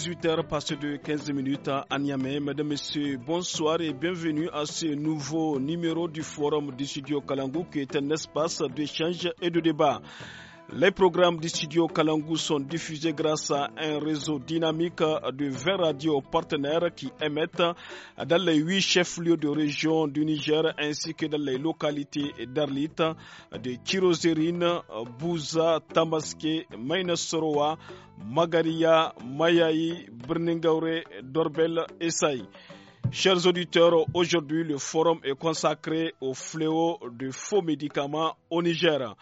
18h passé de 15 minutes à Niamey. Mesdames, Messieurs, bonsoir et bienvenue à ce nouveau numéro du Forum du Studio Kalangou qui est un espace d'échange et de débat. Les programmes du studio Kalangu sont diffusés grâce à un réseau dynamique de 20 radios partenaires qui émettent dans les 8 chefs-lieux de région du Niger ainsi que dans les localités d'Arlit, de Kirozerine, Bouza, Tamaske, Mainasoroa, Magaria, Mayaï, Brningaure, Dorbel et Saï. Chers auditeurs, aujourd'hui le forum est consacré au fléau de faux médicaments au Niger.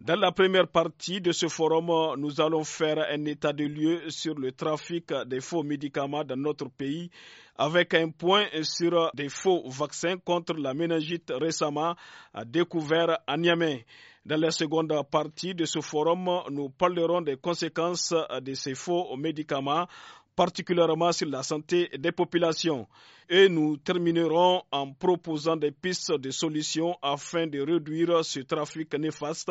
Dans la première partie de ce forum, nous allons faire un état de lieu sur le trafic des faux médicaments dans notre pays avec un point sur des faux vaccins contre la méningite récemment découvert à Niamey. Dans la seconde partie de ce forum, nous parlerons des conséquences de ces faux médicaments particulièrement sur la santé des populations. Et nous terminerons en proposant des pistes de solutions afin de réduire ce trafic néfaste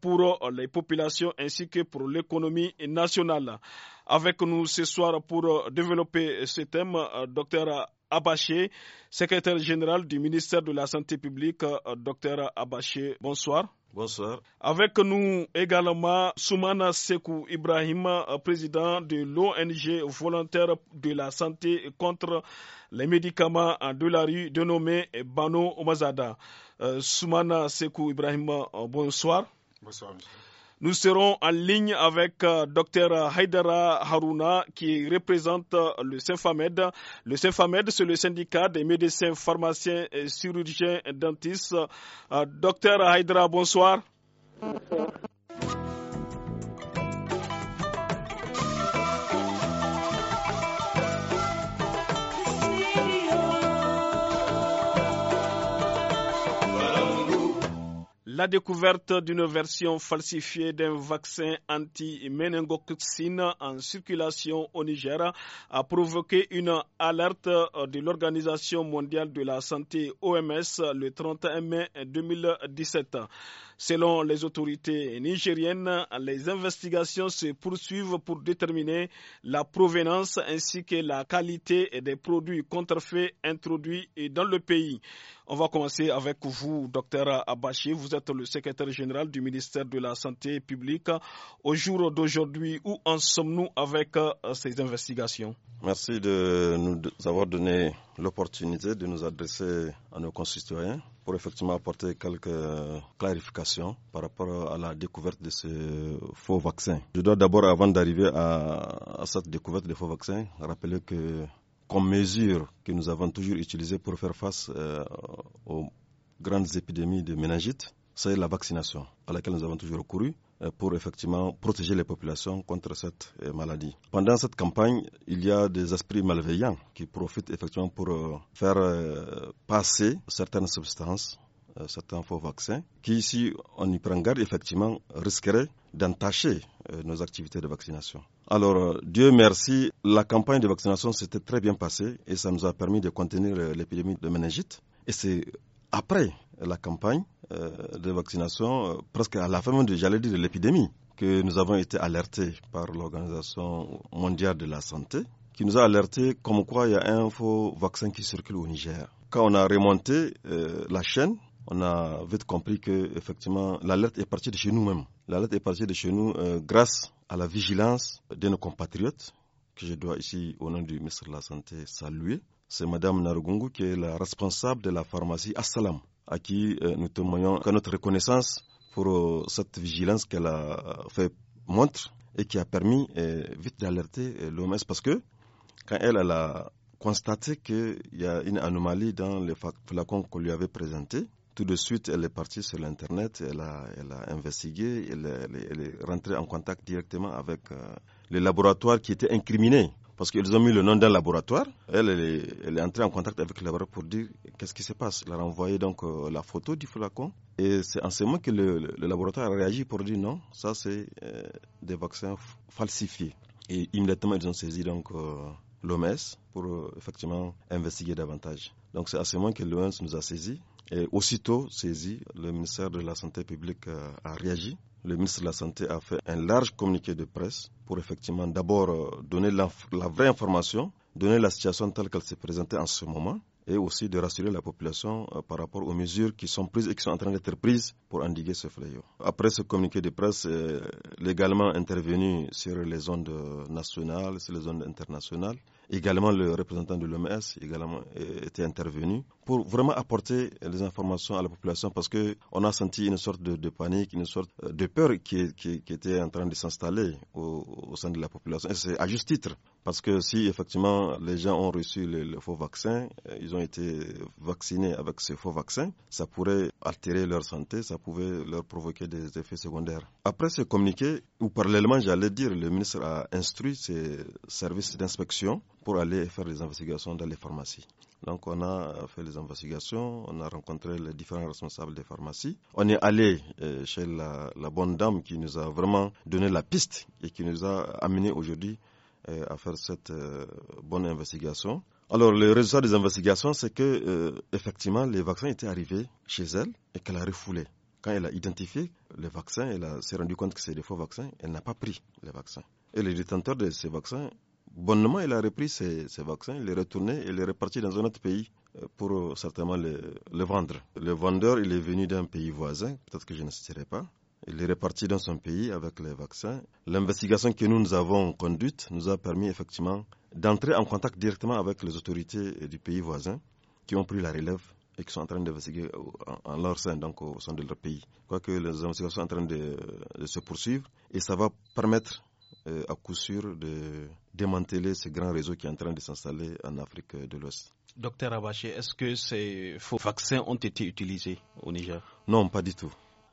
pour les populations ainsi que pour l'économie nationale. Avec nous ce soir pour développer ce thème, Dr. Abaché, secrétaire général du ministère de la Santé publique. Dr. Abaché, bonsoir. Bonsoir. Avec nous également Soumana Sekou Ibrahim, président de l'ONG volontaire de la santé contre les médicaments de la rue dénommée Bano Omazada. Euh, Soumana Sekou Ibrahim, bonsoir. Bonsoir, monsieur. Nous serons en ligne avec euh, Dr Haidara Haruna qui représente euh, le SINFAMED, Le SINFAMED, c'est le syndicat des médecins, pharmaciens, et chirurgiens, et dentistes. Euh, docteur Haidara, Bonsoir. La découverte d'une version falsifiée d'un vaccin anti-méningococcine en circulation au Niger a provoqué une alerte de l'Organisation mondiale de la santé OMS le 31 mai 2017. Selon les autorités nigériennes, les investigations se poursuivent pour déterminer la provenance ainsi que la qualité des produits contrefaits introduits dans le pays. On va commencer avec vous, docteur Abachi. Vous êtes le secrétaire général du ministère de la Santé publique. Au jour d'aujourd'hui, où en sommes-nous avec euh, ces investigations Merci de nous avoir donné l'opportunité de nous adresser à nos concitoyens pour effectivement apporter quelques clarifications par rapport à la découverte de ce faux vaccin. Je dois d'abord, avant d'arriver à, cette découverte de faux vaccins, rappeler que comme mesure que nous avons toujours utilisée pour faire face euh, aux grandes épidémies de méningite, c'est la vaccination à laquelle nous avons toujours recouru euh, pour effectivement protéger les populations contre cette euh, maladie. Pendant cette campagne, il y a des esprits malveillants qui profitent effectivement pour faire passer certaines substances, certains faux vaccins, qui, si on y prend garde, effectivement, risqueraient d'entacher nos activités de vaccination. Alors, euh, Dieu merci, la campagne de vaccination s'était très bien passée et ça nous a permis de contenir euh, l'épidémie de méningite. Et c'est après la campagne euh, de vaccination, presque à la fin, de l'épidémie, que nous avons été alertés par l'Organisation mondiale de la santé, qui nous a alertés comme quoi il y a un faux vaccin qui circule au Niger. Quand on a remonté la chaîne, on a vite compris que effectivement l'alerte est partie de chez nous-mêmes. L'alerte est partie de chez nous grâce à la vigilance de nos compatriotes, que je dois ici, au nom du ministre de la Santé, saluer. C'est Madame Narugungu qui est la responsable de la pharmacie Assalam, à qui euh, nous témoignons notre reconnaissance pour euh, cette vigilance qu'elle a euh, fait montre et qui a permis vite d'alerter l'OMS parce que quand elle, elle a constaté qu'il y a une anomalie dans les flacons qu'on lui avait présentés, tout de suite, elle est partie sur l'Internet, elle a, elle a investigué, elle, est rentrée en contact directement avec euh, les laboratoires qui étaient incriminés. Parce qu'ils ont mis le nom d'un laboratoire. Elle, est, elle est, entrée en contact avec le laboratoire pour dire qu'est-ce qui se passe. Elle a renvoyé donc euh, la photo du flacon. Et c'est en ce moment que le, laboratoire a réagi pour dire non, ça c'est euh, des vaccins falsifiés. Et immédiatement, ils ont saisi donc l'OMS pour effectivement investiguer davantage. Donc c'est à ce moment que l'OMS nous a saisi et aussitôt saisi, le ministère de la Santé publique euh, a réagi. Le ministre de la Santé a fait un large communiqué de presse pour effectivement d'abord euh, donner la, vraie information, donner la situation telle qu'elle s'est présentée en ce moment, et aussi de rassurer la population euh, par rapport aux mesures qui sont prises et qui sont en train d'être prises pour endiguer ce fléau. Après ce communiqué de presse, légalement intervenu sur les zones nationales, sur les zones internationales, également le représentant de l'OMS également était intervenu pour vraiment apporter les informations à la population parce qu'on a senti une sorte de, panique, une sorte euh, de peur qui, était en train de s'installer au, sein de la population. Et c'est à juste titre parce que si effectivement les gens ont reçu le, faux vaccin, euh, ils ont été vaccinés avec ce faux vaccin, ça pourrait altérer leur santé, ça pouvait leur provoquer des effets secondaires. Après ce communiqué, ou parallèlement, j'allais dire, le ministre a instruit ses services d'inspection pour aller faire des investigations dans les pharmacies. Donc on a euh, fait les investigations, on a rencontré les différents responsables des pharmacies. On est allé euh, chez la, bonne dame qui nous a vraiment donné la piste et qui nous a amené aujourd'hui euh, à faire cette bonne investigation. Alors, le résultat des investigations, c'est que, effectivement, les vaccins étaient arrivés chez elle et qu'elle a refoulé. Quand elle a identifié les vaccins, elle s'est rendue compte que c'est des faux vaccins, elle n'a pas pris les vaccins. Et les détenteurs de ces vaccins bonnement, il a repris ses, vaccins, il les retourné et les reparti dans un autre pays euh, pour euh, certainement les, vendre. Le vendeur, il est venu d'un pays voisin, peut-être que je ne citerai pas. Il est reparti dans son pays avec les vaccins. L'investigation que nous, nous avons conduite nous a permis effectivement d'entrer en contact directement avec les autorités euh, du pays voisin qui ont pris la relève et qui sont en train d'investiguer en leur sein, donc au sein de leur pays. Quoique les investigations sont en train de, de se poursuivre et ça va permettre euh, à coup sûr de démanteler ce grand réseau qui est en train de s'installer en Afrique de l'Ouest. Docteur Abaché, est-ce que ces faux vaccins ont été utilisés au Niger Non, pas du tout.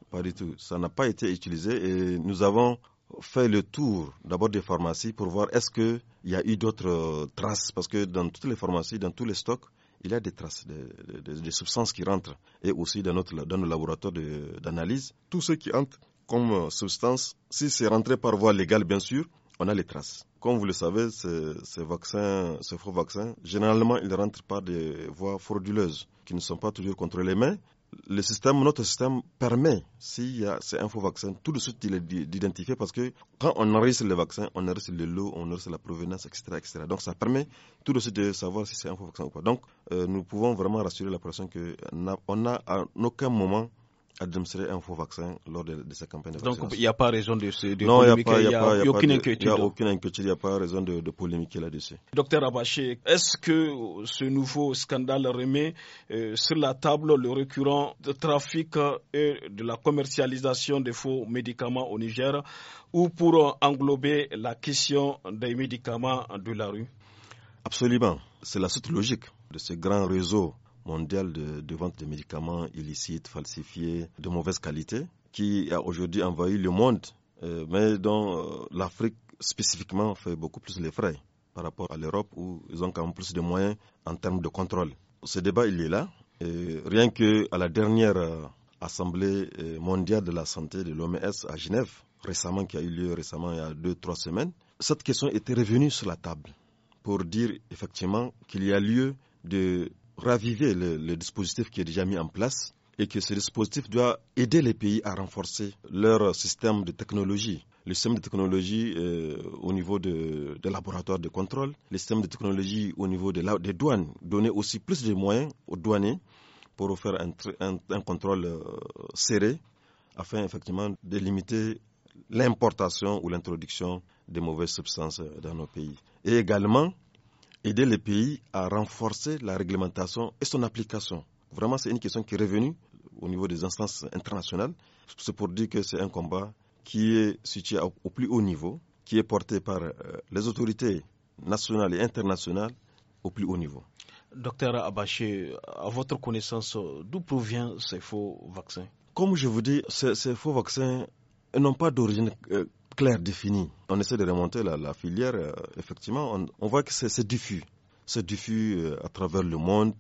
Pas du tout. Ça n'a pas été utilisé et nous avons fait le tour d'abord des pharmacies pour voir est-ce qu'il y a eu d'autres euh, traces. Parce que dans toutes les pharmacies, dans tous les stocks, il y a des traces, des, substances qui rentrent. Et aussi dans, notre, dans nos laboratoires d'analyse, tous ceux qui entrent, comme euh, substance, si c'est rentré par voie légale, bien sûr, on a les traces. Comme vous le savez, ces, vaccins, ces faux vaccins, généralement, ils rentrent par des voies frauduleuses qui ne sont pas toujours contrôlées. Mais le système, notre système permet, s'il y a ces faux vaccins, tout de suite d'identifier parce que quand on enregistre le vaccin, on enregistre le lot, on enregistre la provenance, etc., Donc ça permet tout de suite de savoir si c'est un faux vaccin ou pas. Donc euh, nous pouvons vraiment rassurer la population qu'on n'a à aucun moment administrer un faux vaccin lors de, sa campagne de vaccination. Donc il n'y a pas raison de, de non, il n'y a, a, aucune inquiétude. Il n'y a aucune inquiétude, il n'y a pas raison de, polémiquer là-dessus. Docteur Abaché, est-ce que ce nouveau scandale remet euh, sur la table le récurrent de trafic et euh, de la commercialisation des faux médicaments au Niger ou pour englober la question des médicaments de la rue Absolument. C'est la suite logique de ce grand réseau mondiale de, vente de médicaments illicites, falsifiés, de mauvaise qualité, qui a aujourd'hui envahi le monde, euh, mais dont euh, l'Afrique spécifiquement fait beaucoup plus les frais par rapport à l'Europe où ils ont quand même plus de moyens en termes de contrôle. Ce débat, il est là. rien que à la dernière euh, Assemblée mondiale de la santé de l'OMS à Genève, récemment, qui a eu lieu récemment il y a deux, trois semaines, cette question était revenue sur la table pour dire effectivement qu'il y a lieu de raviver le, dispositif qui est déjà mis en place et que ce dispositif doit aider les pays à renforcer leur système de technologie. Le système de technologie euh, au niveau des de laboratoires de contrôle, le système de technologie au niveau des douanes, donner aussi plus de moyens aux douaniers pour faire un, contrôle euh, serré afin effectivement de limiter l'importation ou l'introduction de mauvaises substances euh, dans nos pays. Et également, aider les pays à renforcer la réglementation et son application. Vraiment, c'est une question qui est revenue au niveau des instances internationales. C'est pour dire que c'est un combat qui est situé au plus haut niveau, qui est porté par euh, les autorités nationales et internationales au plus haut niveau. Docteur Abaché, à votre connaissance, d'où proviennent ces faux vaccins Comme je vous dis, ces faux vaccins n'ont pas d'origine euh, on essaie de remonter la, filière, euh, effectivement, on, voit que c'est diffus. C'est diffus euh, à travers le monde.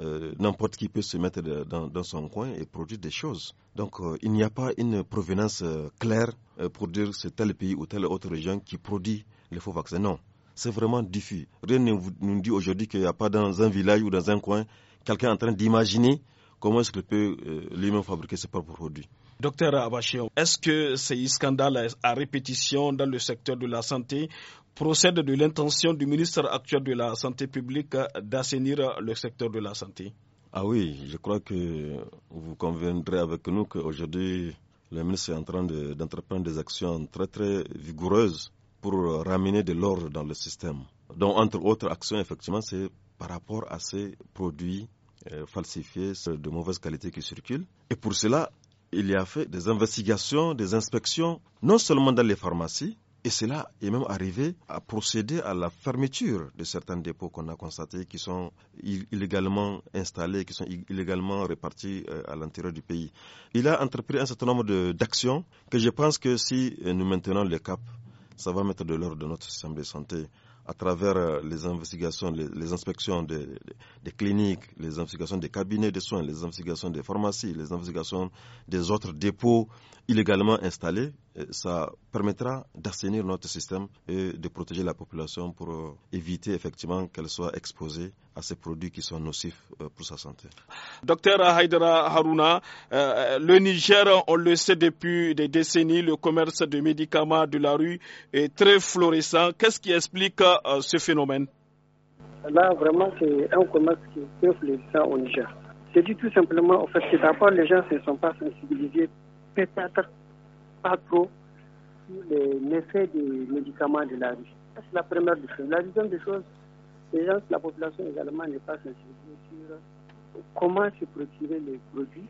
Euh, n'importe qui peut se mettre dans, son coin et produire des choses. Donc il n'y a pas une provenance claire pour dire c'est tel pays ou telle autre région qui produit les faux vaccins. Non, c'est vraiment diffus. Rien ne nous dit aujourd'hui qu'il n'y a pas dans un village ou dans un coin quelqu'un en train d'imaginer comment est-ce qu'il peut lui-même fabriquer ses propres produits. Docteur Abachéo, est-ce que ces scandales à répétition dans le secteur de la santé procèdent de l'intention du ministre actuel de la Santé publique d'assainir le secteur de la santé Ah oui, je crois que vous conviendrez avec nous qu'aujourd'hui, le ministre est en train d'entreprendre des actions très très vigoureuses pour ramener de l'ordre dans le système. Donc, entre autres actions, effectivement, c'est par rapport à ces produits euh, falsifiés de mauvaise qualité qui circulent. Et pour cela, il y a fait des investigations, des inspections, non seulement dans les pharmacies, et cela est même arrivé à procéder à la fermeture de certains dépôts qu'on a constatés qui sont illégalement installés, qui sont illégalement répartis euh, à l'intérieur du pays. Il a entrepris un certain nombre d'actions que je pense que si nous maintenons le cap, ça va mettre de l'ordre de notre système de santé à travers euh, les investigations, les, inspections des, des, cliniques, les investigations des cabinets de soins, les investigations des pharmacies, les investigations des autres dépôts illégalement installés, euh, ça permettra d'assainir notre système et de protéger la population pour euh, éviter effectivement qu'elle soit exposée à ces produits qui sont nocifs euh, pour sa santé. Docteur Haïdra Haruna, le Niger, on le sait depuis des décennies, le commerce de médicaments de la rue est très florissant. Qu'est-ce qui explique ce phénomène Là, vraiment, c'est un commerce qui est très florissant au Niger. C'est dit tout simplement, au fait, que d'abord, les gens ne sont pas sensibilisés pas trop sur l'effet des médicaments de la rue. C'est la première des choses. La deuxième des choses, c'est que la population également n'est pas sensibilisée sur comment se procurer les produits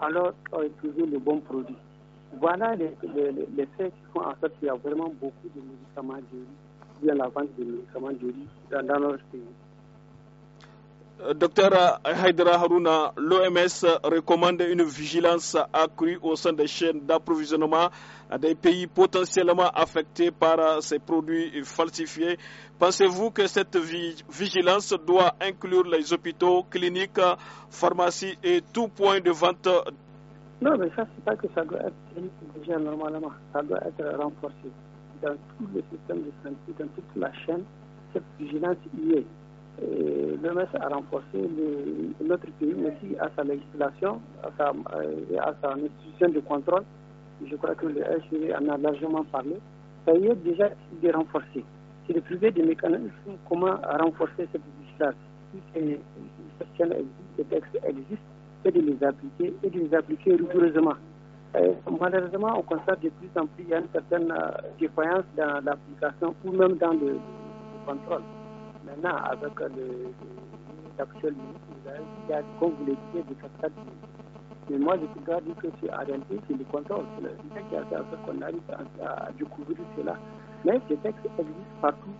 alors on trouver le bon produit. Voilà les, faits qui font en sorte qu'il y a vraiment beaucoup de médicaments de riz, bien la vente de médicaments de vie dans, dans notre pays. Docteur Haïdra Haruna, l'OMS recommande une vigilance accrue au sein des chaînes d'approvisionnement des pays potentiellement affectés par ces produits falsifiés. Pensez-vous que cette vigilance doit inclure les hôpitaux, cliniques, pharmacies et tout point de vente Non, mais ça, c'est pas que ça doit être déjà normalement. Ça doit être renforcé. Dans tout le système de santé, dans toute la chaîne, cette vigilance y est le l'OMS a renforcé le, notre pays aussi à sa législation, à sa, euh, à sa institution de contrôle. Je crois que le HCV en a largement parlé. Ça y est déjà de renforcer. C'est de privé des mécanismes comment renforcer cette législation. Si ces textes existent, c'est de les appliquer, et de les appliquer rigoureusement. malheureusement, on constate de plus en plus il y a une certaine euh, défaillance dans l'application ou même dans le contrôle en avec l'actuel ministre, a, comme vous les disiez, de cascade. Mais moi, je suis dire que c'est orienté, c'est le contrôle. C'est y a fait qu'on arrive à, découvrir cela. Mais ces textes existent partout,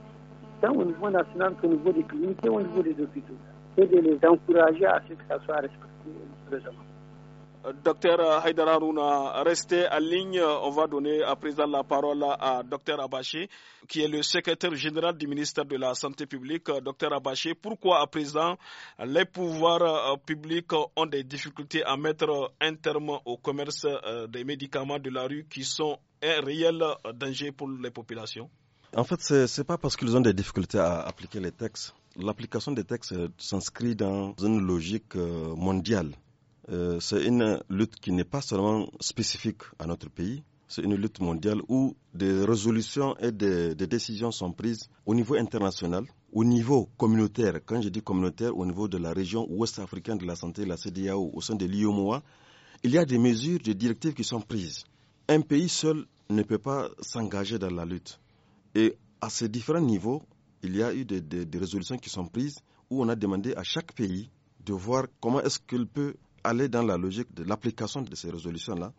tant au niveau national qu'au niveau des cliniques et au niveau des hôpitaux. c'est de les encourager à ce que ça soit respecté, présentement. Docteur Haïdar Rouna, restez en ligne. On va donner à présent la parole à Docteur Abaché, qui est le secrétaire général du ministère de la Santé publique. Docteur Abaché, pourquoi à présent les pouvoirs euh, publics ont des difficultés à mettre un terme au commerce euh, des médicaments de la rue qui sont un réel euh, danger pour les populations En fait, ce n'est pas parce qu'ils ont des difficultés à appliquer les textes. L'application des textes s'inscrit dans une logique mondiale euh, c'est une lutte qui n'est pas seulement spécifique à notre pays, c'est une lutte mondiale où des résolutions et des, décisions sont prises au niveau international, au niveau communautaire. Quand je dis communautaire, au niveau de la région ouest-africaine de la santé, la CDAO, au sein de l'IOMOA, il y a des mesures, des directives qui sont prises. Un pays seul ne peut pas s'engager dans la lutte. Et à ces différents niveaux, il y a eu des résolutions qui sont prises où on a demandé à chaque pays de voir comment est-ce qu'il peut aller dans la logique de l'application de ces résolutions-là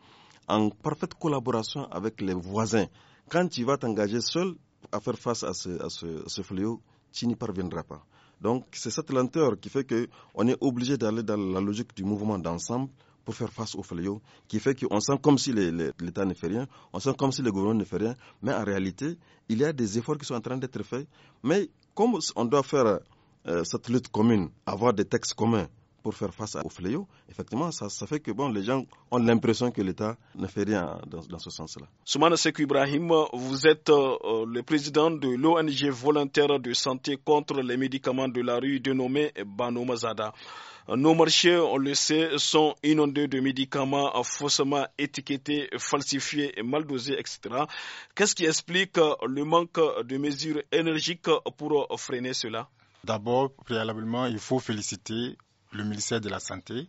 en parfaite collaboration avec les voisins. Quand tu vas t'engager seul à faire face à ce, fléau, tu n'y parviendras pas. Donc c'est cette lenteur qui fait qu'on est obligé d'aller dans la logique du mouvement d'ensemble pour faire face au fléau, qui fait qu'on sent comme si l'État ne fait rien, on sent comme si le gouvernement ne fait rien, mais en réalité, il y a des efforts qui sont en train d'être faits. Mais comme on doit faire euh, cette lutte commune, avoir des textes communs, pour faire face au fléau, effectivement, ça, fait que bon, les gens ont l'impression que l'État ne fait rien dans, ce sens-là. Soumana Sekou Ibrahim, vous êtes euh, le président de l'ONG volontaire de santé contre les médicaments de la rue dénommé Bano Mazada. Nos marchés, on le sait, sont inondés de médicaments faussement étiquetés, falsifiés, mal dosés, etc. Qu'est-ce qui explique euh, le manque de mesures énergiques pour freiner cela D'abord, préalablement, il faut féliciter le ministère de la Santé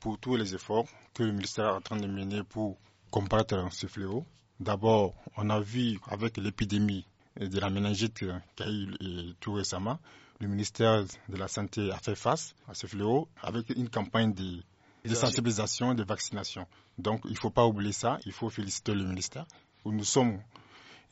pour tous les efforts que le ministère est en train de mener pour combattre ce fléau. D'abord, on a vu avec l'épidémie de la méningite qui a eu euh, tout récemment, le ministère de la Santé a fait face à ce fléau avec une campagne de, sensibilisation et de vaccination. Donc, il ne faut pas oublier ça, il faut féliciter le ministère. Nous sommes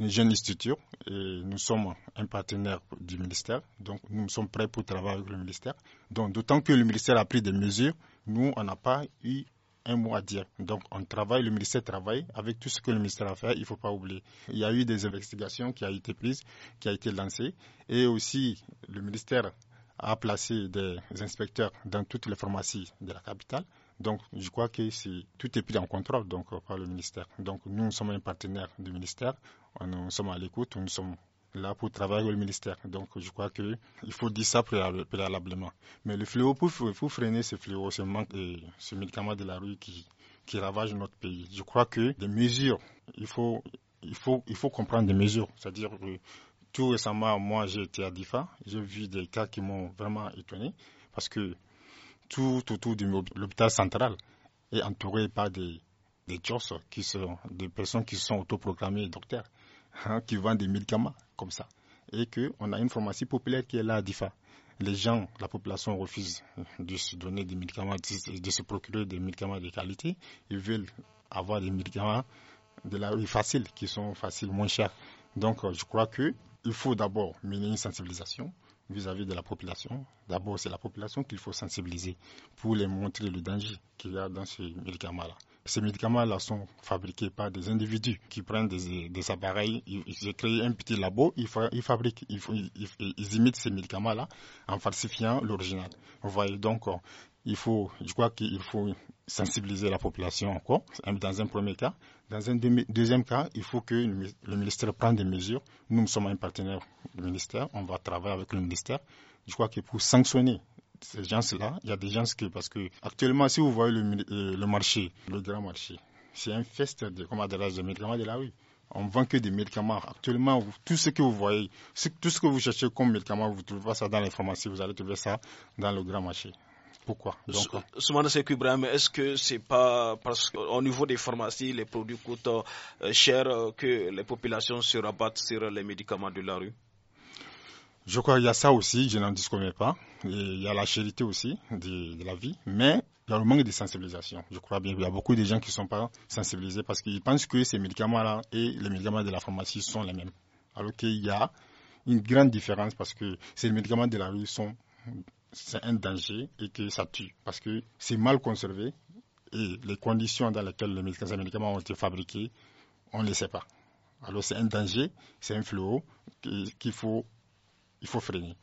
Jeune institution, et nous sommes un partenaire du ministère. Donc nous sommes prêts pour travailler avec le ministère. Donc d'autant que le ministère a pris des mesures, nous on n'a pas eu un mot à dire. Donc on travaille, le ministère travaille avec tout ce que le ministère a fait, il ne faut pas oublier. Il y a eu des investigations qui ont été prises, qui ont été lancées et aussi le ministère a placé des inspecteurs dans toutes les pharmacies de la capitale. Donc, je crois que tout est pris en contrôle donc, par le ministère. Donc, nous sommes un partenaire du ministère. Ah nous sommes à l'écoute, nous sommes là pour travailler au ministère. Donc je crois qu'il faut dire ça préalablement. Mais le fléau, pour, faut freiner ce fléau, ce ce médicament de la rue qui, qui ravage notre pays, je crois que des mesures, il faut, il faut, il faut comprendre des mesures. C'est-à-dire, que tout récemment, moi j'ai été à DIFA, j'ai vu des cas qui m'ont vraiment étonné parce que tout autour de l'hôpital central est entouré par des, des qui sont, des personnes qui sont autoproclamées docteurs. Hein, qui vend des médicaments comme ça. Et qu'on a une pharmacie populaire qui est là à Difa. Les gens, la population refuse de se donner des médicaments, de se procurer des médicaments de qualité. Ils veulent avoir des médicaments de la rue faciles, qui sont faciles, moins chers. Donc, euh, je crois que il faut d'abord mener une sensibilisation vis-à-vis de la population. D'abord, c'est la population qu'il faut sensibiliser pour les montrer le danger qu'il y a dans ces médicaments là ces médicaments-là sont fabriqués par des individus qui prennent des, appareils, ils, créent un petit labo, ils, fabriquent, ils, imitent ces médicaments-là en falsifiant l'original. Vous donc, euh, il faut, je crois qu'il faut sensibiliser la population encore, dans un premier cas. Dans un deuxième cas, il faut que le ministère prenne des mesures. Nous, nous sommes un partenaire du ministère, on va travailler avec le ministère. Je crois que pour sanctionner ces gens-là. Il y a des gens qui, parce que actuellement, si vous voyez le, euh, marché, le grand marché, c'est un feste de, adresse de, médicaments de la rue. On vend que des médicaments. Actuellement, tout ce que vous voyez, tout ce que vous cherchez comme médicament, vous ne trouvez pas ça dans les pharmacies, vous allez trouver ça dans le grand marché. Pourquoi Souvent, c'est est-ce que c'est pas parce qu'au niveau des pharmacies, les produits coûtent euh, cher euh, que les populations se rabattent sur les médicaments de la rue je crois qu'il y a ça aussi, je n'en disconnais pas. il y a la charité aussi de, la vie, mais il y a le manque de sensibilisation. Je crois bien qu'il y a beaucoup de gens qui ne sont pas sensibilisés parce qu'ils pensent que ces médicaments-là et les médicaments de la pharmacie sont les mêmes. Alors qu'il y a une grande différence parce que ces médicaments de la rue sont c'est un danger et que ça tue parce que c'est mal conservé et les conditions dans lesquelles les médicaments, médicaments ont été fabriqués, on ne les sait pas. Alors c'est un danger, c'est un fléau qu'il faut il faut freiner.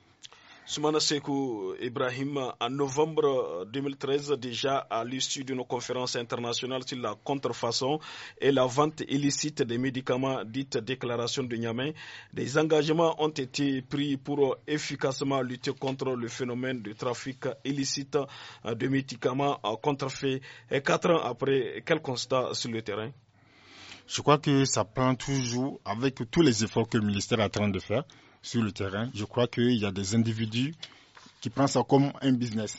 Soumana Sekou Ibrahim, en novembre 2013, déjà à l'issue d'une conférence internationale sur la contrefaçon et la vente illicite des médicaments dite déclaration de Niamey, des engagements ont été pris pour efficacement lutter contre le phénomène de trafic illicite de médicaments contrefaits. Et quatre ans après, quel constat sur le terrain Je crois que ça prend toujours, avec tous les efforts que le ministère est en train de faire, sur le terrain. Je crois qu'il y a des individus qui prennent ça comme un business.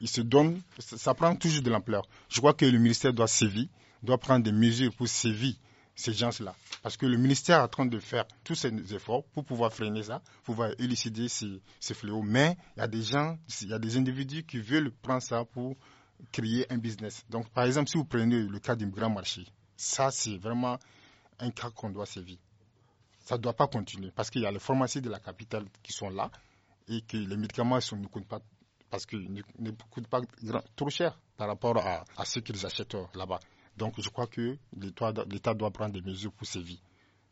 Ils se donnent, ça prend toujours de l'ampleur. Je crois que le ministère doit sévir, doit prendre des mesures pour sévir ces gens-là. Parce que le ministère est en train de faire tous ses efforts pour pouvoir freiner ça, pour pouvoir élucider ces, fléaux. Mais il y a des gens, il y a des individus qui veulent prendre ça pour créer un business. Donc, par exemple, si vous prenez le cas du grand marché, ça, c'est vraiment un cas qu'on doit sévir ça ne doit pas continuer parce qu'il y a les pharmacies de la capitale qui sont là et que les médicaments ne coûtent pas parce qu'ils ne, coûtent pas trop cher par rapport à, à ce qu'ils achètent là-bas. Donc je crois que l'État doit prendre des mesures pour ses vies.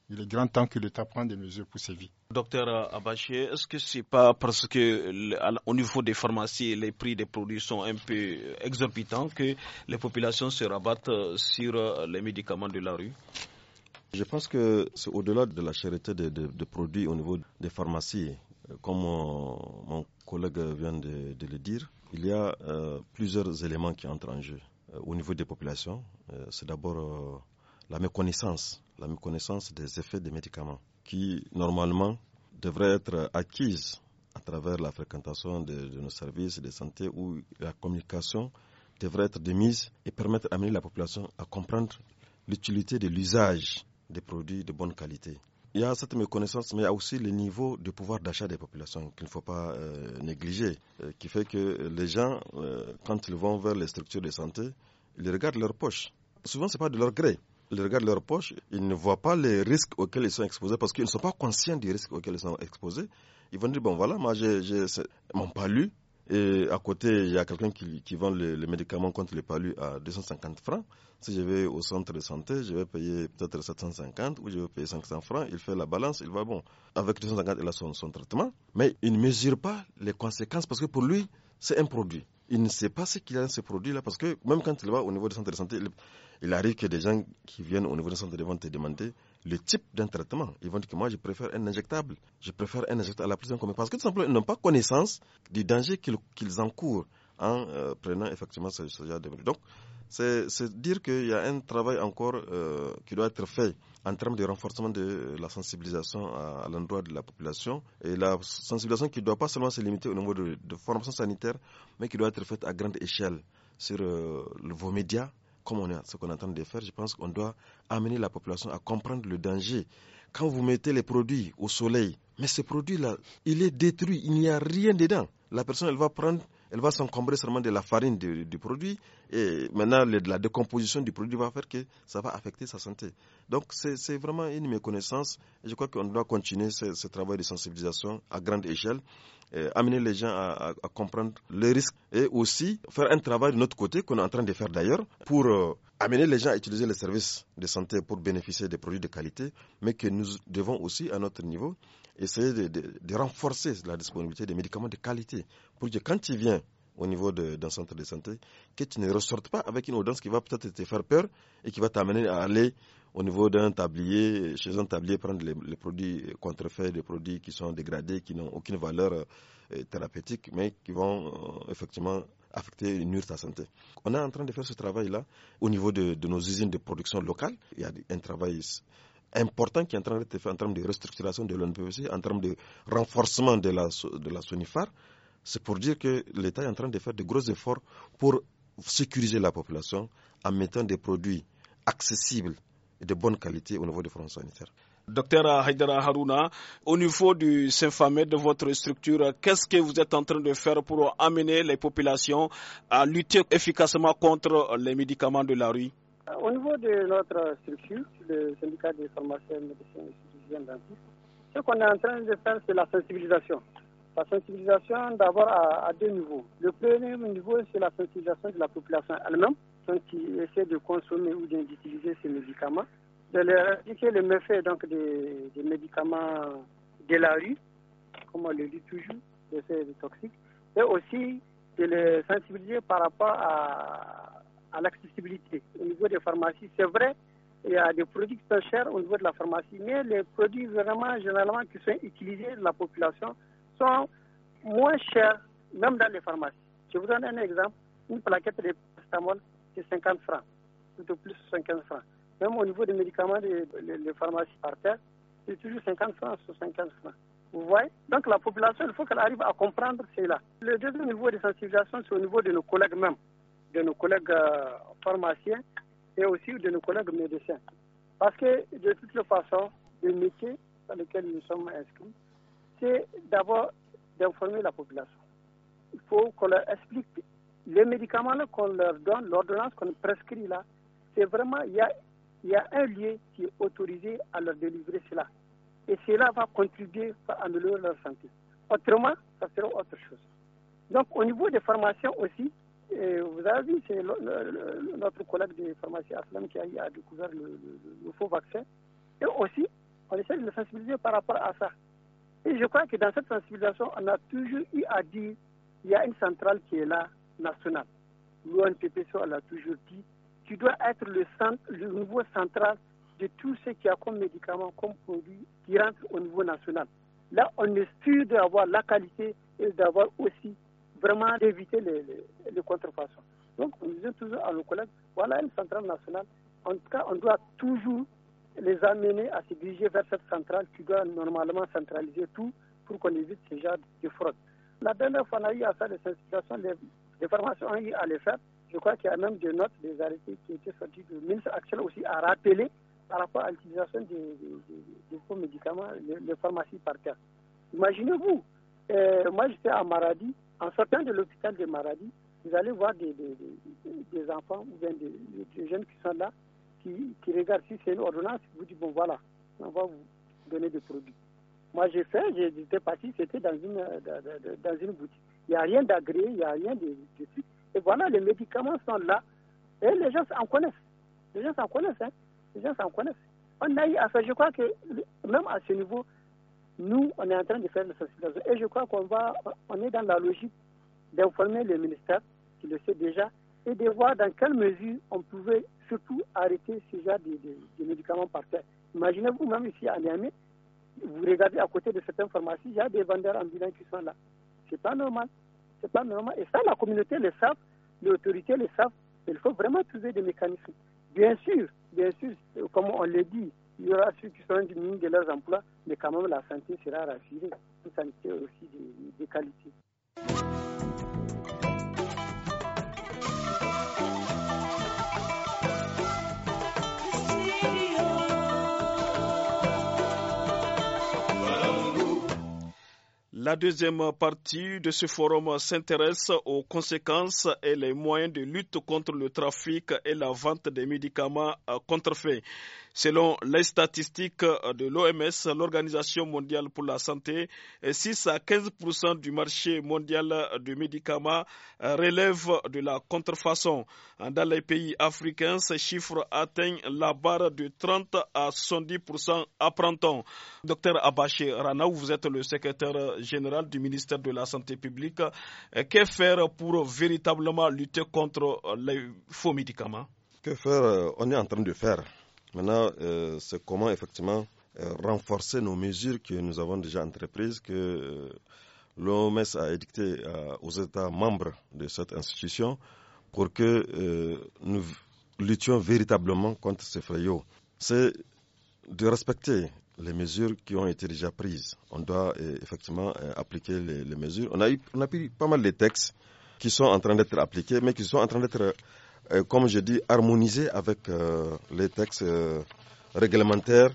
Il est grand temps que l'État prenne des mesures pour ses vies. Docteur Abaché, est-ce que n'est pas parce qu'au niveau des pharmacies, les prix des produits sont un peu exorbitants que les populations se rabattent sur les médicaments de la rue je pense que c'est au-delà de la charité de, produits au niveau des pharmacies. Euh, comme mon, collègue vient de, le dire, il y a euh, plusieurs éléments qui entrent en jeu euh, au niveau des populations. c'est d'abord la méconnaissance, la méconnaissance des effets des médicaments qui, normalement, devraient être acquises à travers la fréquentation de, nos services de santé où la communication devrait être démise et permettre d'amener la population à comprendre l'utilité de l'usage des produits de bonne qualité. Il y a cette méconnaissance, mais il y a aussi le niveau de pouvoir d'achat des populations qu'il ne faut pas euh, négliger, euh, qui fait que les gens, euh, quand ils vont vers les structures de santé, ils regardent leur poche. Souvent, ce n'est pas de leur gré. Ils regardent leur poche, ils ne voient pas les risques auxquels ils sont exposés parce qu'ils ne sont pas conscients des risques auxquels ils sont exposés. Ils vont dire, bon voilà, moi, je ne m'en pas lu, et à côté, il y a quelqu'un qui, vend les, médicaments contre les palus à 250 francs. Si je vais au centre de santé, je vais payer peut-être 750 ou je vais payer 500 francs. Il fait la balance, il va bon. Avec 250, il a son, traitement. Mais il ne mesure pas les conséquences parce que pour lui, c'est un produit. Il ne sait pas ce qu'il a dans ce produit-là parce que même quand il va au niveau du centre de santé, il, arrive que des gens qui viennent au niveau du centre de vente te demander le type d'un traitement. Ils vont dire que moi, je préfère un injectable. Je préfère un injectable à la prison Parce que tout simplement, ils n'ont pas connaissance du danger qu'ils encourent en euh, prenant effectivement ce, genre de Donc, c'est dire qu'il y a un travail encore euh, qui doit être fait en termes de renforcement de la sensibilisation à, l'endroit de la population et la sensibilisation qui ne doit pas seulement se limiter au niveau de, de formation sanitaire, mais qui doit être faite à grande échelle sur euh, vos médias, comme on est, ce qu'on est en train de faire, je pense qu'on doit amener la population à comprendre le danger. Quand vous mettez les produits au soleil, mais ce produit-là, il est détruit, il n'y a rien dedans. La personne, elle va prendre, elle va s'encombrer seulement de la farine du, produit, et maintenant, la décomposition du produit va faire que ça va affecter sa santé. Donc, c'est vraiment une méconnaissance. et Je crois qu'on doit continuer ce travail de sensibilisation à grande échelle. Euh, amener les gens à, comprendre les risques et aussi faire un travail de notre côté qu'on est en train de faire d'ailleurs pour euh, amener les gens à utiliser les services de santé pour bénéficier des produits de qualité, mais que nous devons aussi à notre niveau essayer de, de renforcer la disponibilité des médicaments de qualité pour que quand ils viennent au niveau d'un centre de santé, que tu ne ressortes pas avec une audience qui va peut-être te faire peur et qui va t'amener à aller au niveau d'un tablier, chez un tablier, prendre les, produits contrefaits, des produits qui sont dégradés, qui n'ont aucune valeur euh, thérapeutique, mais qui vont euh, effectivement affecter et nuire ta santé. On est en train de faire ce travail-là au niveau de, nos usines de production locale. Il y a un travail important qui est en train d'être fait en termes de restructuration de l'ONPVC, e en termes de renforcement de la, de la SONIFAR, c'est pour dire que l'État est en train de faire de gros efforts pour sécuriser la population en mettant des produits accessibles et de bonne qualité au niveau des fronts sanitaires. Docteur Haïdara Harouna, au niveau du Symphamet de votre structure, qu'est-ce que vous êtes en train de faire pour amener les populations à lutter efficacement contre les médicaments de la rue Au niveau de notre structure, le syndicat des pharmaciens, et ce qu'on est en train de faire, c'est la sensibilisation. La sensibilisation d'abord à, deux niveaux. Le premier niveau, c'est la sensibilisation de la population elle-même, qui essaie de consommer ou d'utiliser ces médicaments, de leur indiquer les méfaits donc, des, médicaments de la rue, comme on le dit toujours, de ces toxiques, et aussi de les sensibiliser par rapport à, à l'accessibilité au niveau des pharmacies. C'est vrai, il y a des produits qui sont chers au niveau de la pharmacie, mais les produits vraiment généralement qui sont utilisés de la population, sont moins chers même dans les pharmacies. Je vous donne un exemple. Une plaquette de paracétamol, c'est 50 francs, plutôt plus plus 50 francs. Même au niveau des médicaments, les, les, pharmacies par terre, c'est toujours 50 francs sur 50 francs. Vous voyez Donc la population, il faut qu'elle arrive à comprendre cela. Le deuxième niveau de sensibilisation, c'est au niveau de nos collègues même, de nos collègues euh, pharmaciens et aussi de nos collègues médecins. Parce que de toute façon, le métier dans lequel nous sommes inscrits, c'est d'abord d'informer la population. Il faut qu'on leur explique les médicaments qu'on leur donne, l'ordonnance qu'on prescrit là. C'est vraiment, il y a, y un lieu qui est autorisé à leur délivrer cela. Et cela va contribuer à améliorer leur santé. Autrement, ça sera autre chose. Donc, au niveau des formations aussi, vous avez vu, c'est notre collègue de pharmacie Aslam qui a, découvert le, le, faux vaccin. Et aussi, on essaie de le sensibiliser par rapport à ça. Et je crois que dans cette sensibilisation, on a toujours eu à dire il y a une centrale qui est là, nationale. L'ONPPC, on l'a toujours dit, tu dois être le, centre, le niveau central de tout ce qui a comme médicaments, comme produit qui rentre au niveau national. Là, on est sûr d'avoir la qualité et d'avoir aussi vraiment d'éviter les, les, contrefaçons. Donc, on disait toujours à nos collègues, voilà une centrale nationale. En tout cas, on doit toujours les amener à se diriger vers cette centrale qui doit normalement centraliser tout pour qu'on évite ce genre de fraude. La dernière fois, on a eu à ça des sensibilisations, des, formations, on eu à les faire. Je crois qu'il y a même des notes, des arrêtés qui étaient sortis. du ministre actuel aussi à rappeler par rapport à l'utilisation des, faux médicaments, les, pharmacies par terre. Imaginez-vous, euh, moi j'étais à Maradi, en sortant de l'hôpital de Maradi, vous allez voir des, des enfants ou bien des jeunes qui sont là, qui, regarde si c'est une ordonnance, vous dit bon voilà, on va vous donner des produits. Moi j'ai fait, j'étais parti, c'était dans une, euh, dans une boutique. Il n'y a rien d'agréé, il n'y a rien de, de, Et voilà, les médicaments sont là. Et les gens s'en connaissent. Les gens s'en connaissent, hein. Les gens s'en connaissent. On a eu à faire, je crois que même à ce niveau, nous, on est en train de faire la sensibilisation. Et je crois qu'on va, on est dans la logique d'informer le ministère qui le sait déjà et de voir dans quelle mesure on pouvait surtout arrêter ce genre de, médicaments par terre. Imaginez-vous même ici à Niamey, vous regardez à côté de certaines pharmacies, il y a des vendeurs ambulants qui sont là. C'est pas normal. C'est pas normal. Et ça, la communauté le savent, les autorités le savent. Il faut vraiment trouver des mécanismes. Bien sûr, bien sûr, comme on le dit, il y aura ceux qui seront diminués de leurs emplois, mais quand même la santé sera rassurée, une santé aussi de qualité. La deuxième partie de ce forum s'intéresse aux conséquences et les moyens de lutte contre le trafic et la vente des médicaments contrefaits. Selon les statistiques euh, de l'OMS, l'Organisation mondiale pour la santé, 6 euh, à 15 du marché mondial euh, de médicaments relève de la contrefaçon. Dans les pays africains, ces chiffres atteignent la barre de 30 à 70 à printemps. Docteur Abaché Rana, vous êtes le secrétaire général du ministère de la Santé publique. Que faire pour véritablement lutter contre les faux médicaments Que faire On est en train de faire. Maintenant, euh, c'est comment effectivement euh, renforcer nos mesures que nous avons déjà entreprises, que euh, l'OMS a édictées aux États membres de cette institution pour que nous luttions véritablement contre ces fléaux. C'est de respecter les mesures qui ont été déjà prises. On doit effectivement appliquer les, mesures. On a, eu, on a pas mal de textes qui sont en train d'être appliqués, mais qui sont en train d'être euh, comme je dis, harmonisé avec euh, les textes euh, réglementaires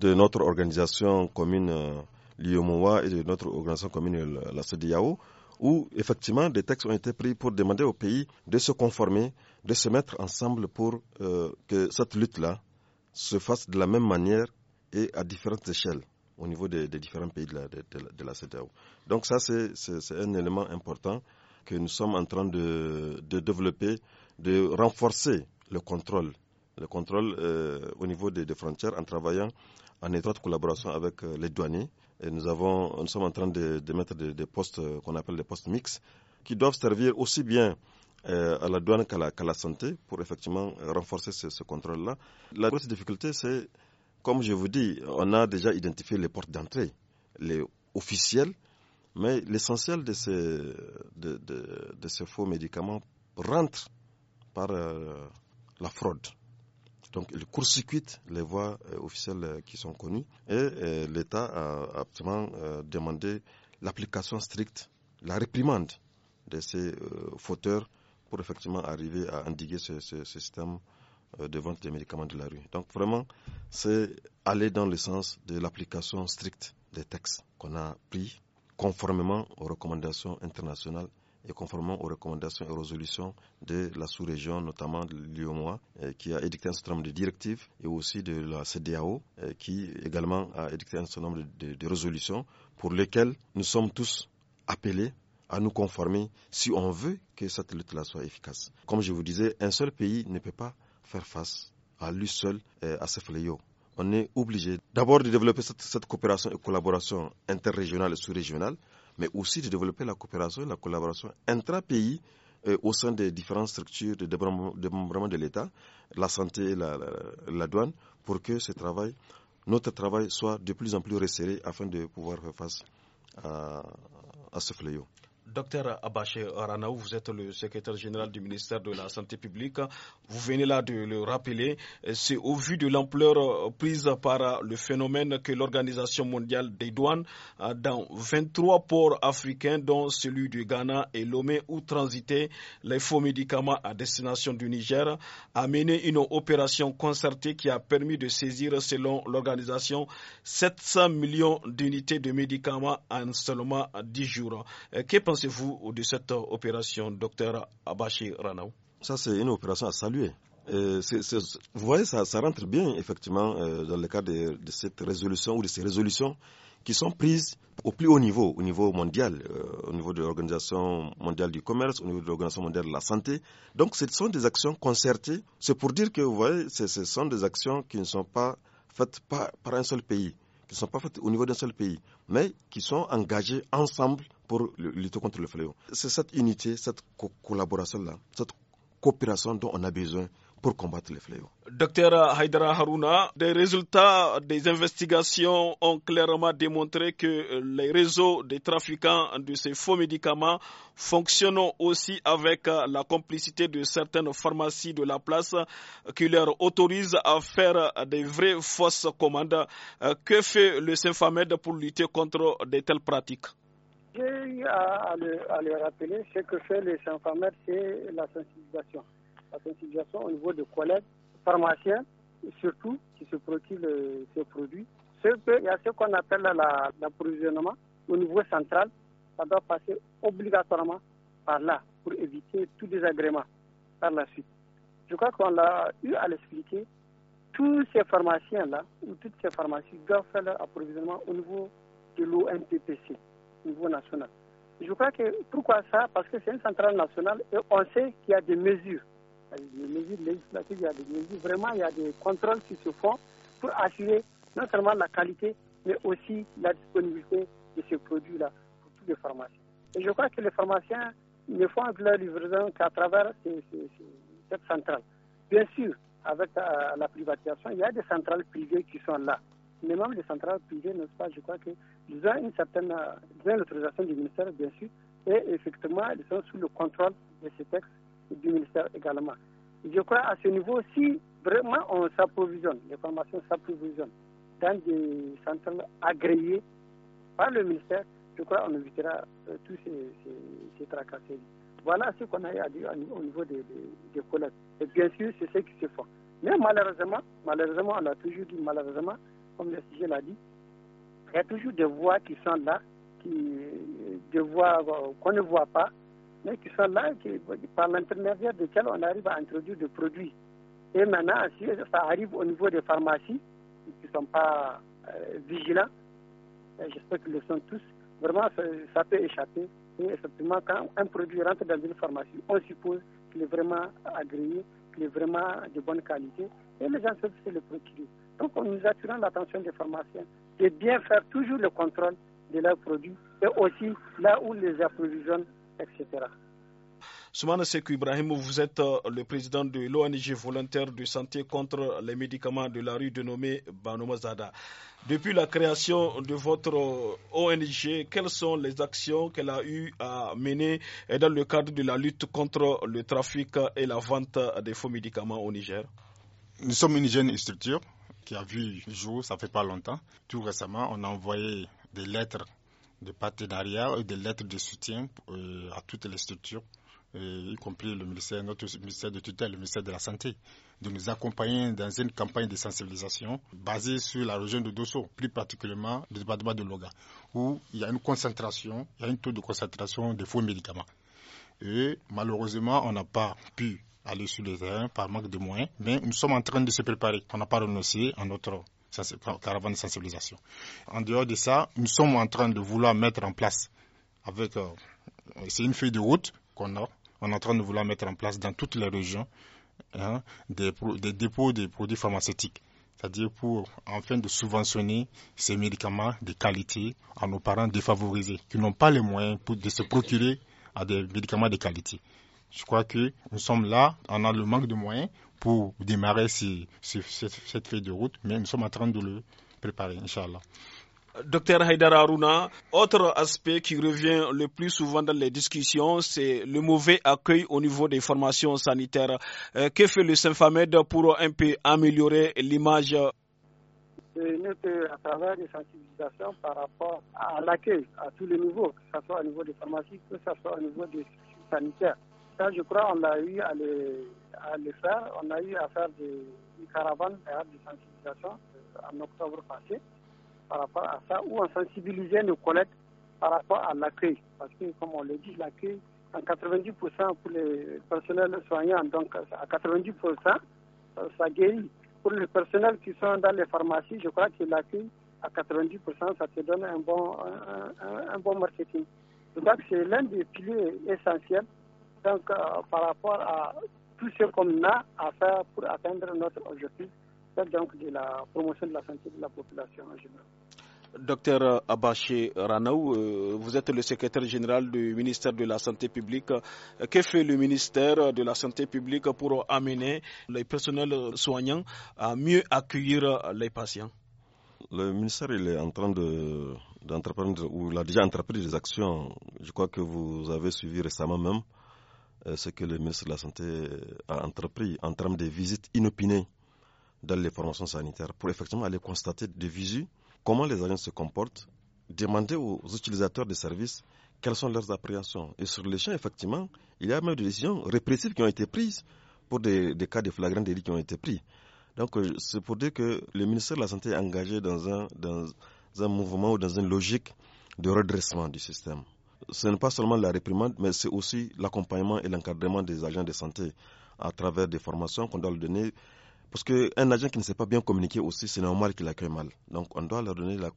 de notre organisation commune l'IOMOA et de notre organisation commune la CDAO, où effectivement des textes ont été pris pour demander aux pays de se conformer, de se mettre ensemble pour que cette lutte-là se fasse de la même manière et à différentes échelles au niveau des, différents pays de la, de, Donc ça, c'est un élément important que nous sommes en train de développer de renforcer le contrôle, le contrôle euh, au niveau des, frontières en travaillant en étroite collaboration avec euh, les douaniers. Et nous, avons, nous sommes en train de, mettre des, postes euh, qu'on appelle des postes mixtes qui doivent servir aussi bien à la douane qu'à la, santé pour effectivement renforcer ce, contrôle-là. La grosse difficulté, c'est, comme je vous dis, on a déjà identifié les portes d'entrée, les officielles, mais l'essentiel de ces, de, de ces faux médicaments rentre par euh, la fraude. Donc, il court-circuite les voies euh, officielles euh, qui sont connues et l'État a absolument demandé l'application stricte, la réprimande de ces fauteurs pour effectivement arriver à endiguer ce, ce système de vente des médicaments de la rue. Donc vraiment, c'est aller dans le sens de l'application stricte des textes qu'on a pris conformément aux recommandations internationales et conformément aux recommandations et aux résolutions de la sous-région, notamment de l'UOMOA, euh, qui a édicté un certain nombre de directives et aussi de la CDAO, euh, qui également a édicté un certain nombre de, résolutions pour lesquelles nous sommes tous appelés à nous conformer si on veut que cette lutte-là soit efficace. Comme je vous disais, un seul pays ne peut pas faire face à lui seul euh, à ses fléaux on est obligé d'abord de développer cette, cette, coopération et collaboration interrégionale et sous-régionale mais aussi de développer la coopération et la collaboration intra-pays euh, au sein des différentes structures de démembrement de l'État, la santé et la, douane, pour que ce travail, notre travail soit de plus en plus resserré afin de pouvoir faire face à ce fléau. Docteur Abache Ranaou, vous êtes le secrétaire général du ministère de la Santé publique. Vous venez là de le rappeler. C'est au vu de l'ampleur euh, prise par euh, le phénomène que l'Organisation mondiale des douanes euh, dans 23 ports africains, dont celui du Ghana et Lomé, où transitaient les faux médicaments à destination du Niger, a mené une opération concertée qui a permis de saisir, selon l'organisation, 700 millions d'unités de médicaments en seulement 10 jours pensez-vous de cette opération, docteur Abachi Ranaou Ça, c'est une opération à saluer. vous voyez, ça, rentre bien, effectivement, euh, dans le cadre de, cette résolution ou de ces résolutions qui sont prises au plus haut niveau, au niveau mondial, euh, au niveau de l'Organisation mondiale du commerce, au niveau de l'Organisation mondiale de la santé. Donc, ce sont des actions concertées. C'est pour dire que, vous voyez, ce sont des actions qui ne sont pas faites par un seul pays qui ne sont pas faites au niveau d'un seul pays, mais qui sont engagées ensemble pour lutter contre le fléau. C'est cette unité, cette collaboration-là, cette coopération dont on a besoin pour combattre les fléaux. Docteur Haïdara Haruna, des résultats des investigations ont clairement démontré que euh, les réseaux des trafiquants de ces faux médicaments fonctionnent aussi avec euh, la complicité de certaines pharmacies de la place euh, qui leur autorisent à faire des vraies fausses commandes. Que fait le Saint-Famed pour lutter contre de telles pratiques J'ai à, à, le, rappeler, ce que fait le Saint-Famed, c'est la sensibilisation la situation au niveau des collègues pharmaciens, surtout qui se procurent ces produits. Il y a ce qu'on appelle l'approvisionnement au niveau central. Ça doit passer obligatoirement par là pour éviter tout désagrément par la suite. Je crois qu'on l'a eu à l'expliquer. Tous ces pharmaciens-là, ou toutes ces pharmacies, doivent faire leur approvisionnement au niveau de l'ONPPC, au niveau national. Je crois que pourquoi ça Parce que c'est une centrale nationale et on sait qu'il y a des mesures des mesures législatives, il y a des mesures. Vraiment, il y a des contrôles qui se font pour assurer non seulement la qualité, mais aussi la disponibilité de ces produits-là pour tous les pharmaciens. Et je crois que les pharmaciens ne font leur livraison qu'à travers ces, ces, cette centrale. Bien sûr, avec euh, la privatisation, il y a des centrales privées qui sont là. Mais même les centrales privées, n'est-ce pas, je crois qu'ils ont une certaine euh, du ministère, bien sûr, et effectivement, ils sont sous le contrôle de ces textes du ministère également. Je crois à ce niveau, si vraiment on s'approvisionne, les formations s'approvisionnent dans des centres agréés par le ministère, je crois qu'on évitera euh, tous ces, ces, Voilà ce qu'on a à dire au niveau des, collègues. Et bien sûr, c'est ce qui se fait. Mais malheureusement, malheureusement, on a toujours dit, malheureusement, comme le sujet l'a dit, il y a toujours des voix qui sont là, qui, euh, des voix euh, qu'on ne voit pas, mais qui sont là, par l'intermédiaire desquels on arrive à introduire des produits. Et maintenant, si ça arrive au niveau des pharmacies, qui ne sont pas euh, vigilants, ben, j'espère qu'ils le sont tous, vraiment, ça, peut échapper. Et effectivement, quand un produit rentre dans une pharmacie, on suppose qu'il est vraiment agréé, qu'il est vraiment de bonne qualité, et les gens savent se le procurer. Donc, en nous attirant l'attention des pharmaciens, de bien faire toujours le contrôle de leurs produits, et aussi là où les approvisionnent, etc. Soumane Sekou Ibrahim, vous êtes euh, le président de l'ONG volontaire de santé contre les médicaments de la rue de dénommée Banomazada. Depuis la création de votre euh, ONG, quelles sont les actions qu'elle a eu à mener dans le cadre de la lutte contre le trafic et la vente des faux médicaments au Niger Nous sommes une jeune structure qui a vu le jour, ça fait pas longtemps. Tout récemment, on a envoyé des lettres de partenariat et de lettres de soutien euh, à toutes les structures, euh, y compris le ministère, notre ministère de tutelle, le ministère de la Santé, de nous accompagner dans une campagne de sensibilisation basée sur la région de Dosso, plus particulièrement le département de Loga, où il y a une concentration, il y a un taux de concentration de faux médicaments. Et malheureusement, on n'a pas pu aller sur le terrain par manque de moyens, mais nous sommes en train de se préparer. On n'a pas renoncé à notre caravane de sensibilisation. En dehors de ça, nous sommes en train de vouloir mettre en place avec, euh, c'est une feuille de route qu'on a, on est en train de vouloir mettre en place dans toutes les régions hein, des, dépôts de produits pharmaceutiques c'est-à-dire pour enfin de subventionner ces médicaments de qualité à nos parents défavorisés qui n'ont pas les moyens pour, de se procurer à des médicaments de qualité. Je crois que nous sommes là, on a le manque de moyens, pour démarrer cette, cette feuille de route, mais nous sommes en train de le préparer, Inch'Allah. Docteur Haïdar Aruna, autre aspect qui revient le plus souvent dans les discussions, c'est le mauvais accueil au niveau des formations sanitaires. Euh, que fait le SEMFAMED pour un peu améliorer l'image à travers des sensibilisations par rapport à l'accueil à tous les niveaux, que ce soit au niveau des pharmacies, que ce soit au niveau des sanitaires. Ça, je crois, on a eu à les à le faire. On a eu à faire des, une caravane de sensibilisation euh, en octobre passé par rapport à ça, où on sensibilisait nos collègues par rapport à l'accueil. Parce que, comme on le dit, l'accueil, en 90% pour les personnels soignants, donc à 90%, ça guérit. Pour les personnels qui sont dans les pharmacies, je crois que l'accueil à 90%, ça te donne un bon, un, bon marketing. Donc, c'est l'un des piliers essentiels donc, euh, par rapport à tout ce qu'on a à faire pour atteindre notre objectif, c'est donc de la promotion de la santé de la population en général. Docteur Abaché Ranaou, euh, vous êtes le secrétaire général du ministère de la Santé publique. Que fait le ministère de la Santé publique pour amener les personnels soignants à mieux accueillir les patients Le ministère est en train d'entreprendre, ou il a déjà entrepris des actions. Je crois que vous avez suivi récemment même euh, ce que le ministre de la Santé euh, a entrepris en termes de visites inopinées dans les formations sanitaires pour effectivement aller constater de visu comment les agences se comportent, demander aux utilisateurs des services quelles sont leurs appréhensions. Et sur les champs, effectivement, il y a même des décisions répressives qui ont été prises pour des, cas de flagrants délits qui ont été pris. Donc, euh, c'est pour dire que le ministère de la Santé est engagé dans un mouvement ou dans une logique de redressement du système ce n'est pas seulement la réprimande, mais c'est aussi l'accompagnement et l'encadrement des agents de santé à travers des formations qu'on doit leur donner. Parce qu'un agent qui ne sait pas bien communiquer aussi, c'est normal qu'il accueille mal. Donc on doit leur donner la,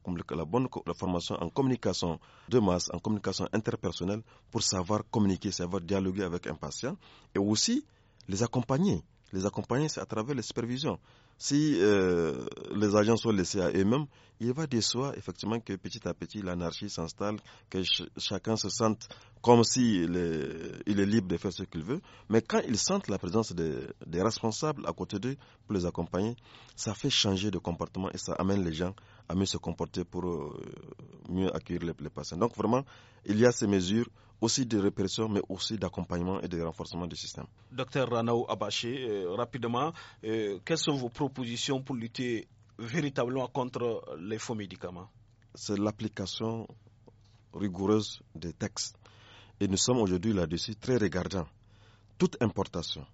bonne formation en communication de masse, en communication interpersonnelle, pour savoir communiquer, savoir dialoguer avec un patient et aussi les accompagner les accompagner, c'est à travers les supervisions. Si euh, les agents sont laissés à eux-mêmes, il va de soi, effectivement, que petit à petit, l'anarchie s'installe, que chacun se sente comme s'il est, libre de faire ce qu'il veut. Mais quand ils sentent la présence des, responsables à côté d'eux pour les accompagner, ça fait changer de comportement et ça amène les gens à mieux se comporter pour euh, mieux accueillir les, les patients. Donc, vraiment, il y a ces mesures aussi de répression, mais aussi d'accompagnement et de renforcement du système. Docteur Ranao Abaché, euh, rapidement, euh, quelles sont vos propositions pour lutter véritablement contre les faux médicaments C'est l'application rigoureuse des textes. Et nous sommes aujourd'hui là-dessus très regardants. Toute importation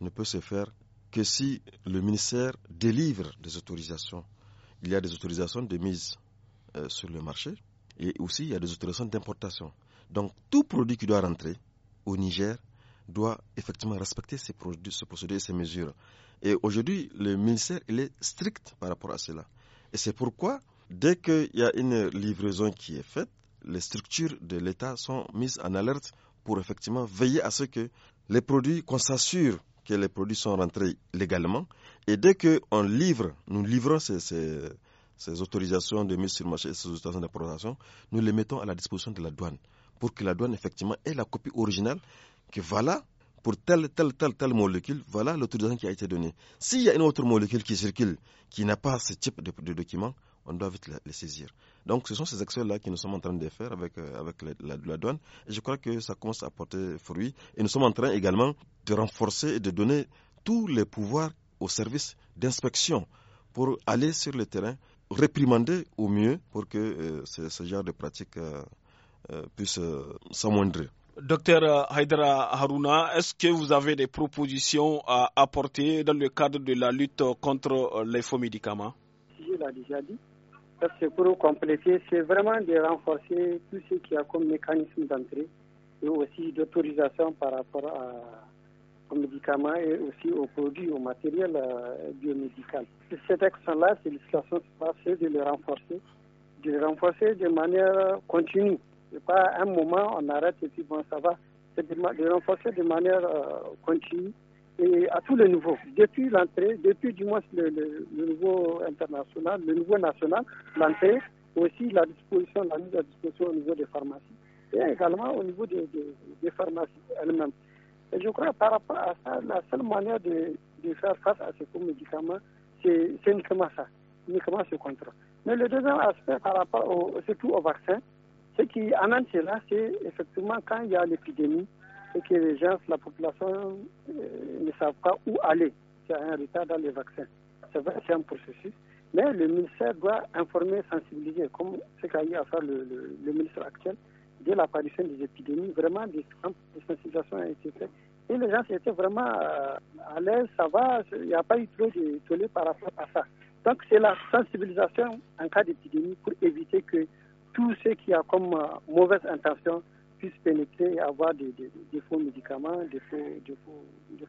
ne peut se faire que si le ministère délivre des autorisations. Il y a des autorisations de mise euh, sur le marché et aussi il y a des autorisations d'importation. Donc tout produit qui doit rentrer au Niger doit effectivement respecter ces produits, ce procédé et ces mesures. Et aujourd'hui, le ministère, est strict par rapport à cela. Et c'est pourquoi, dès qu'il y a une livraison qui est faite, les structures de l'État sont mises en alerte pour effectivement veiller à ce que les produits, qu'on s'assure que les produits sont rentrés légalement. Et dès qu'on livre, nous livrons ces, autorisations de mise sur le marché et ces autorisations d'importation, nous les mettons à la disposition de la douane pour que la douane effectivement ait la copie originale que voilà pour telle, telle, telle, telle molécule, voilà l'autorisation qui a été donnée. S'il y a une autre molécule qui circule, qui n'a pas ce type de, de document, on doit vite les saisir. Donc ce sont ces actions-là que nous sommes en train de faire avec, euh, avec la, douane. Et je crois que ça commence à porter fruit. Et nous sommes en train également de renforcer et de donner tous les pouvoirs au service d'inspection pour aller sur le terrain, réprimander au mieux pour que euh, ce, genre de pratique euh, euh, puisse euh, s'amoindrir. Docteur euh, Haïdra Haruna, est-ce que vous avez des propositions à apporter dans le cadre de la lutte contre les faux médicaments Je l'ai déjà dit. C'est pour compléter, c'est vraiment de renforcer tout ce qui a comme mécanisme d'entrée et aussi d'autorisation par rapport à, aux médicaments et aussi aux produits, au matériel euh, biomédical. Cette action-là, c'est de le renforcer, de le renforcer de manière continue c'est pas un moment, on arrête et puis bon, ça va. C'est de, renforcer de manière euh, continue et à tous les nouveaux. Depuis l'entrée, depuis du moins le, le, niveau international, le nouveau national, l'entrée, aussi la disposition, la mise à disposition au niveau des pharmacies et également au niveau des, pharmacies elles-mêmes. Et je crois par rapport à ça, la seule manière de, de faire face à ces faux médicaments, c'est uniquement ça, uniquement ce contrôle. Mais le deuxième aspect par rapport surtout au vaccin, ce qui amène cela, c'est effectivement quand il y a l'épidémie c'est que les gens, la population euh, ne savent pas où aller. Il y a un retard dans les vaccins. C'est vrai, c'est un processus. Mais le ministère doit informer, sensibiliser, comme ce qu'a eu à faire le, ministre actuel, dès l'apparition des épidémies, vraiment des sensibilisations. de sensibilisation ont été Et les gens étaient vraiment euh, à l'aise, ça va, il n'y a pas eu trop de tollé par rapport à ça. Donc c'est la sensibilisation en cas d'épidémie pour éviter que tout ceux qui a comme euh, mauvaise intention puisse pénétrer et avoir des, faux médicaments, des faux,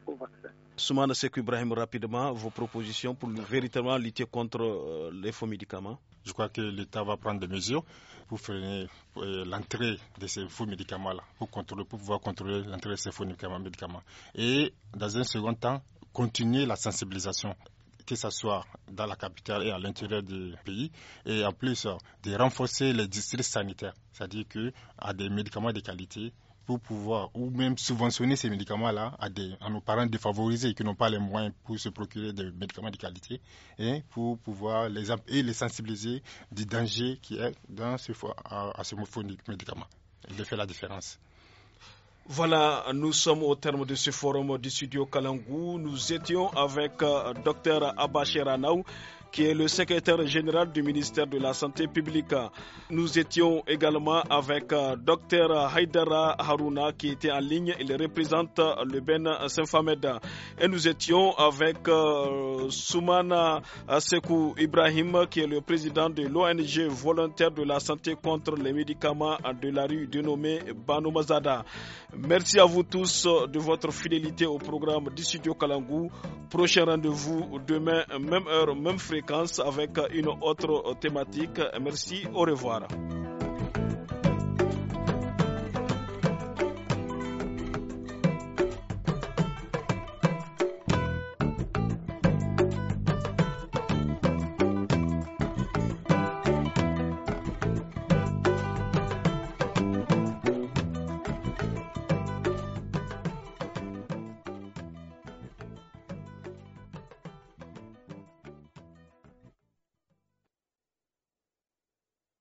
faux, vaccins. Sekou Ibrahim, rapidement, vos propositions pour véritablement lutter contre euh, les faux médicaments Je crois que l'État va prendre des mesures pour freiner euh, l'entrée de ces faux médicaments-là, pour, contrôler, pour pouvoir contrôler l'entrée de ces faux médicaments. Et dans un second temps, continuer la sensibilisation s'asseoir dans la capitale et à l'intérieur du pays, et en plus euh, de renforcer les districts sanitaires, c'est-à-dire à des médicaments de qualité pour pouvoir ou même subventionner ces médicaments-là à, nos parents défavorisés qui n'ont pas les moyens pour se procurer des médicaments de qualité et pour pouvoir les, et sensibiliser du danger qui est dans ce, à ce médicament et fait la différence. Voilà, nous sommes au terme de ce forum du studio Kalangou. Nous étions avec euh, Dr Abachera Naou qui est le secrétaire général du ministère de la Santé publique. Nous étions également avec euh, Docteur Haidara Haruna qui était en ligne. Il représente le Ben saint Et nous étions avec euh, Soumana Sekou Ibrahim qui est le président de l'ONG volontaire de la santé contre les médicaments de la rue dénommée Banu Mazada. Merci à vous tous de votre fidélité au programme du studio Kalangou. Prochain rendez-vous demain, même heure, même fréquence avec une autre thématique. Merci, au revoir.